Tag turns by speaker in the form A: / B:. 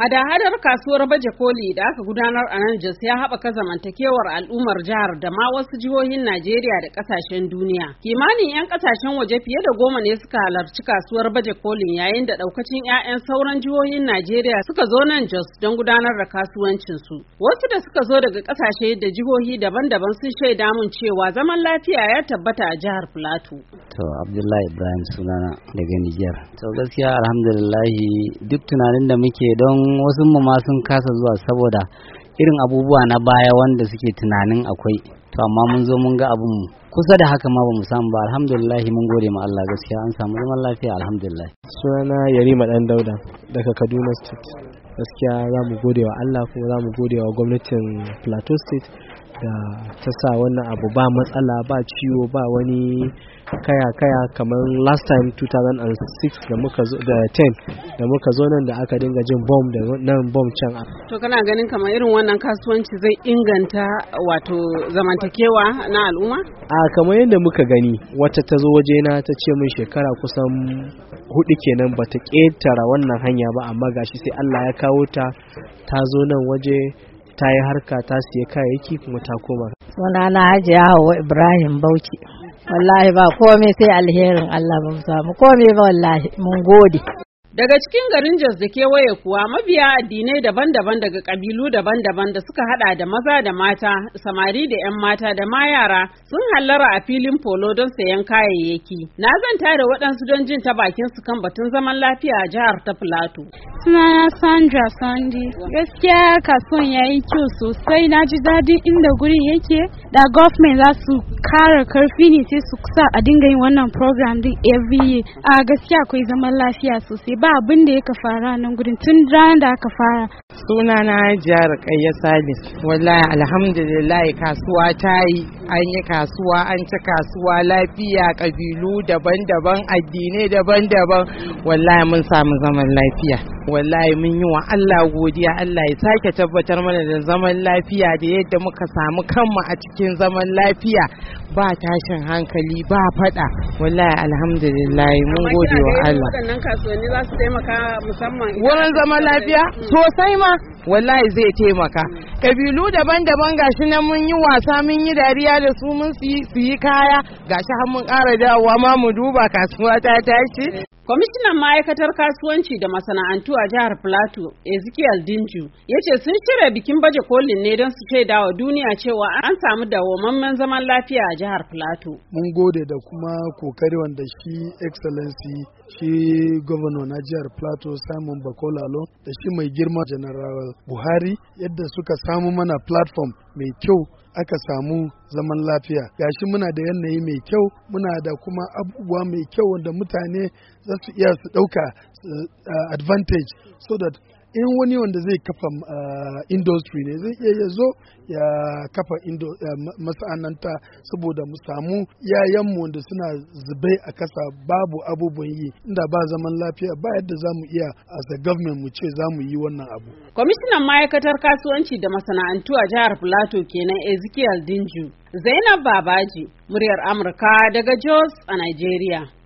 A: Hada-hadar kasuwar baje koli da aka gudanar a nan Jos ya haɓaka zamantakewar al'ummar jihar da ma wasu jihohin Najeriya da ƙasashen duniya. Kimanin 'yan ƙasashen waje fiye da goma ne suka halarci kasuwar baje kolin yayin da ɗaukacin 'ya'yan sauran jihohin Najeriya suka zo nan Jos don gudanar da kasuwancin su Wasu da suka zo daga kasashe da jihohi daban-daban sun shaida mun cewa zaman lafiya ya tabbata a jihar Filato.
B: To
C: Abdullahi Ibrahim sunana daga Nijar. To gaskiya alhamdulillahi duk tunanin da muke don wasu ma sun kasa zuwa saboda irin abubuwa na baya wanda suke tunanin akwai to amma mun zo mun ga abun kusa da haka ma bamu samu ba alhamdulillah mun gode ma Allah gaskiya an samu zaman lafiya alhamdulillah sunana Yarima dan Dauda daga Kaduna State gaskiya za mu gode wa Allah kuma za mu gode wa gwamnatin plateau state da ta sa wannan abu ba matsala ba ciwo ba wani kaya-kaya kamar last time 2006 da muka zo da 10 da muka zo nan da aka dinga jin bomb da nan bomb can
A: to kana ganin kamar irin wannan kasuwanci zai inganta wato zamantakewa na al'umma
C: a kamar yadda muka gani wata ta zo na ta ce min shekara kusan hudu kenan bata ketara wannan hanya ba amma gashi sai Allah ya kawo ta ta zo nan waje ta yi harka ta siya kayayyaki kuma ta koma
A: suna na hajiya hawa ibrahim bauchi wallahi ba komai sai alherin allah ba mu samu komai ba wallahi mun gode Daga cikin garin Jos da kewaye kuwa mabiya addinai daban-daban daga ƙabilu daban-daban da suka hada da maza da mata, samari da 'yan mata da ma yara sun hallara a filin polo don sayan kayayyaki. Na zan da waɗansu don jin ta bakin su kan batun zaman lafiya a jihar ta Filato. sunana Sandra Sandi. Gaskiya kasuwan ya yi kyau sosai, na ji daɗin inda gurin yake da government za su kara karfi ne sai su sa a dinga yin wannan program din every year a gaskiya akwai zaman lafiya sosai ba abin da ya fara nan gudun tun ranar da aka fara
D: sunana jihar kayya salis wallahi alhamdulillah kasuwa ta yi an yi kasuwa an ci kasuwa lafiya kabilu daban-daban addinai daban-daban wallahi mun samu zaman lafiya wallahi mun yi wa Allah godiya Allah ya sake tabbatar mana da zaman lafiya da yadda muka samu kanmu a cikin zaman lafiya ba tashin hankali ba fada wallahi alhamdulillah mun gode wa Allah wannan kasuwanni za su taimaka musamman wurin zaman lafiya sosai ma wallahi zai taimaka kabilu daban-daban gashi nan mun yi wasa mun yi dariya da su mun su yi kaya gashi har mun ƙara dawowa ma mu duba kasuwa ta
A: tashi Kwamishinan ma'aikatar kasuwanci da masana'antu a jihar Plateau, Ezekiel Dinju, ya ce sun shirya bikin baje kolin ne don su shaida wa duniya cewa an samu dawwamammen zaman lafiya a jihar Plateau.
B: Mun gode da kuma kokari wanda shi Excellency shi gwamna na jihar Plateau Simon Bakolalo da shi mai girma General Buhari yadda suka samu mana platform mai kyau aka samu zaman lafiya gashi muna da yanayi mai kyau muna da kuma abubuwa mai kyau wanda mutane za su iya su ɗauka eh, advantage so that in wani wanda zai kafa eh, industry ne zai iya ya zo ya kafa eh, mas'ananta saboda mu samu yayanmu wanda suna zubai a kasa babu abubuwan yi inda ba zaman lafiya ba yadda za mu iya as a government mu ce za mu yi wannan abu.
A: Kwamishinan ma'aikatar kasuwanci da masana'antu a jihar Plateau kenan Ezekiel Dinju. Zainab Babaji, muryar Amurka daga Jos a Nigeria.